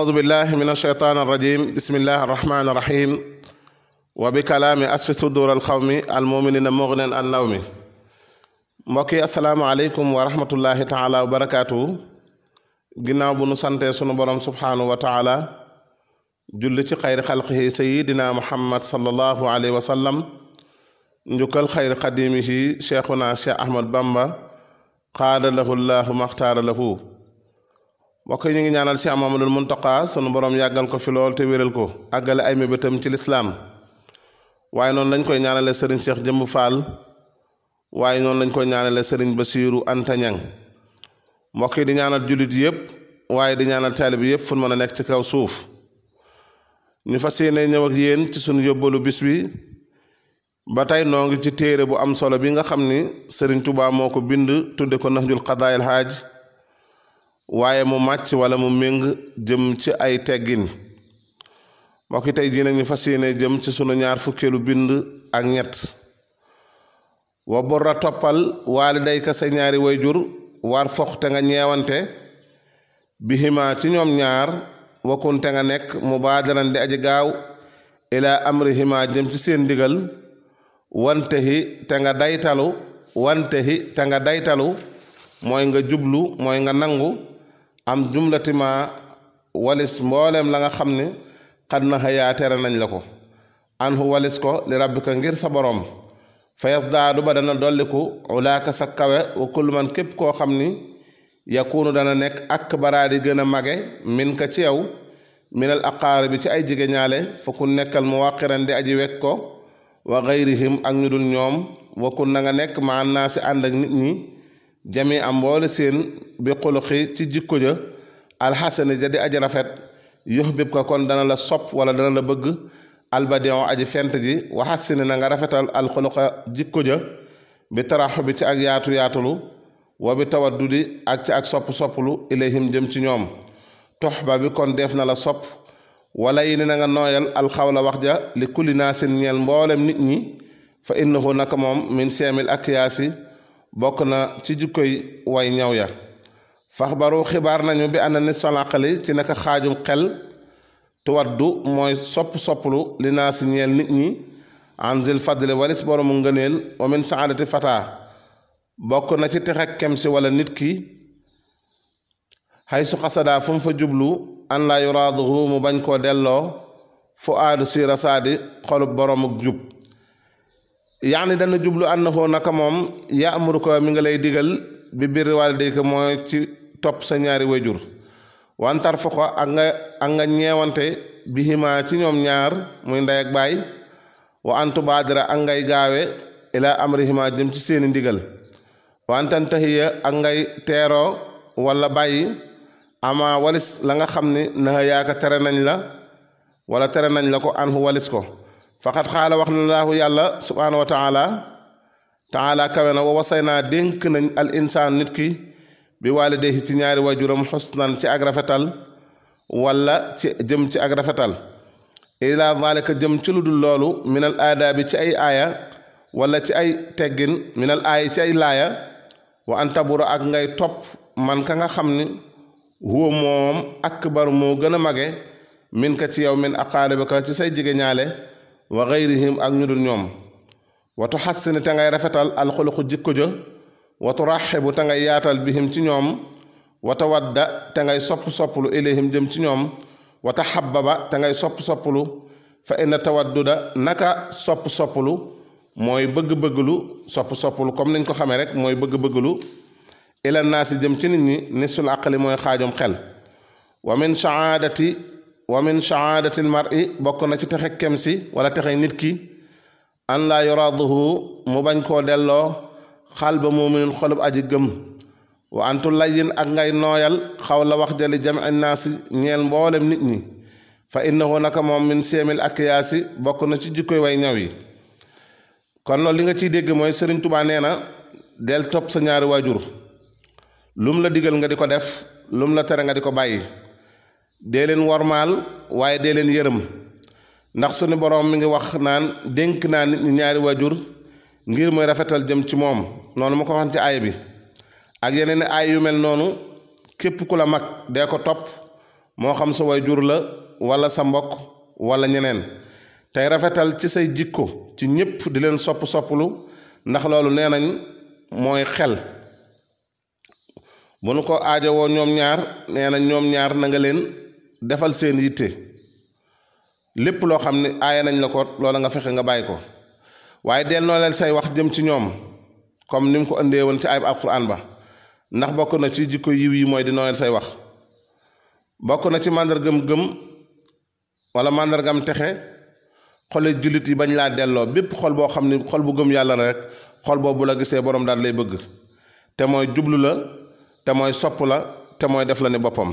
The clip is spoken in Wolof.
أعوذ بالله من الشيطان الرجيم بسم الله الرحمن الرحيم وبكلام أسف صدور القوم المؤمنين مغن اللوم mbokki asalaamaaleykum wa rahmatullahi taala wa barakaatu ginnaaw bu nu sante sunu borom subhaanahu wa taala julli ci xayri xalqihi sayidina muhammad sallallahu alayhi wa sallam njukkal xayri xadimihi cheikhuna cheikh ahmad bamba qaada lahu llahu maxtaara lahu mbokk yi ñu ngi ñaanal Cheikh Mamadul Muntaqa sunu borom yàggal ko fi lool te wéral ko àggale ay mébétam ci lislaam waaye noonu lañ koy ñaanale sëriñ seex Jëmb Fall waaye noonu lañ koy ñaanale sëriñ Basiiru Anta Ñang mbokk yi di ñaanal jullit yëpp waaye di ñaanal taalib yëpp fu mën a nekk ci kaw suuf ñu fas yéene ñëw yéen ci sunu yóbbalu bis bi ba tey noo ngi ci téere bu am solo bi nga xam ni sëriñ tubaab moo ko bind tudde ko Nahjul Qadaa'il Haaj waaye mu màcc wala mu méng jëm ci ay teggin mbokk yi tey jii ñu fas yéene jëm ci sunu ñaar fukkeelu bind ak ñett wa borra toppal waalidayka sa ñaari wayjur war fox te nga ñeewante bihima ci ñoom ñaar wakkun te nga nekk mu mubaadaran di aji gaaw ila amrihima jëm ci seen ndigal wante hi te nga daytalu wante hi te nga daytalu mooy nga jublu mooy nga nangu am jumlatima walis mbooleem la nga xam ne xad na xayaa tere nañ la ko anhu walis ko li rabbika ngir sa boroom fayas daadu ba dana dolliku ulaaka sa kawe wa kullu képp koo xam ni ya yakunu dana nekk ak baraadi gën a mage min ka ci yow minal aqaari bi ci ay jige ñaale ku nekkal mu waqiran di aji wekk ko wa gayrihim ak ñu dul ñoom wa kun na nga nekk ma naa si ànd ak nit ñi jami am mboole seen bi xuluqi ci jikko ja alxasani ja di aji rafet yuxbib ko kon dana la sopp wala dana la bëgg albadion aji fent ji waxasini na nga rafetal alxuluqa jikko ja bi taraxu bi ci ak yaatu yaatulu wa bi tawaddudi ak ci ak sopp soppulu ilayhim jëm ci ñoom toxba bi kon def na la sopp walla yi ne na nga nooyal alxawla wax ja li kulli naasin ñeel mboolem nit ñi fa innahu naka moom min seemil ak yaasi bokk na ci jikkoy way ñaw ya faxbaru xibaar nañu bi ànd ni solaqali ci naka xaajum xel tuwaddu mooy sopp sopplu li si ñeel nit ñi anzil fadli walis boromu ngëneel wa min saadati fata bokk na ci texe kem si wala nit ki xay su xasada fu fa jublu an laa yuraaduhu bañ koo delloo fu aadu si rasaadi xolub boromuk jub yaani dana jublu an annahu naka moom yaamuru ko mi nga lay digal bi birri waalidayka mooy ci topp sa ñaari wayjur wantar fa ko ak nga ñeewante bi ñeewante ci ñoom ñaar muy ndey ak baay wa antu baadira ak ngay gaawe ilaa amrihimaa jëm ci seeni ndigal wantan tahiya ak ngay teeroo walla bàyyi ama walis la nga xam ni naxa yaaka tere nañ la wala tere nañ la ko anhu walis ko faqat xaala wax na laahu yàlla subhaanahu wa taala taala kawe na wa wasay naa dénk nañ al insaan nit ki bi waalidayhi ci ñaari waajuram xusnan ci ak rafetal walla ci jëm ci ak rafetal ila zalika jëm ci lu dul loolu minal aadaabi ci ay aaya wala ci ay teggin minal aaya ci ay laaya wa antabura ak ngay topp man ka nga xam ni huwa moom akbar moo gën a mage min ka ci yow min aqaaribika ci say jege wa gayrihim ak ñu dul ñoom wa tuxassini te ngay rafetal alxuluqu jikko ja wa turaxibu te ngay yaatal bi bihim ci ñoom wa tawadda te ngay sopp sopplu ilayhim jëm ci ñoom wa taxababa te ngay sopp sopplu fa inna tawadduda naka sopp sopplu mooy bëgg-bëgglu sopp sopplu comme niñ ko xamee rek mooy bëgg-bëgglu bëggalu naa si jëm ci nit ñi nisul aqli mooy xaajum xel wa min saadati wa min saadatil mar'i bokk na ci texe kem si wala texe nit ki an laa yuraduhu mu bañ koo delloo xal ba muminin xolub aji gëm wa antu layyin ak ngay nooyal xaw la wax jali jamci naasi ñeel mboolem nit ñi fa innahu naka moom min seemil ak yaasi bokk na ci jikkoy way ñaw yi kon loolu li nga ciy dégg mooy Sëriñ Tuubaa nee na del topp sa ñaari waajur lum la digal nga di ko def lum la tere nga di ko bàyyi dee leen wormaal waaye dee leen yërëm ndax sunu boroom mi ngi wax naan dénk naa nit ñi ñaari waajur ngir muy rafetal jëm ci moom noonu ma ko waxan ci aay bi ak yeneen aay yu mel noonu képp ku la mag dee ko topp moo xam sa waajur la walla sa mbokk wala ñeneen tey rafetal ci say jikko ci ñépp di leen sopp sopplu ndax loolu nee nañ mooy xel bu nu ko aajowoo ñoom ñaar nee nañ ñoom ñaar nanga leen defal seen yitte lépp loo xam ne aaye nañ la ko loola nga fexe nga bàyyi ko waaye del noo leen say wax jëm ci ñoom comme ni mu ko indee woon ci ayib alquran ba ndax bokk na ci jikko yiw yi mooy di noo say wax bokk na ci màndargam gëm wala màndargam texe xole jullit yi bañ laa delloo bépp xol boo xam ne xol bu gëm yàlla rek xol boobu la gisee boroom daal lay bëgg te mooy jublu la te mooy sopp la te mooy def la ne boppam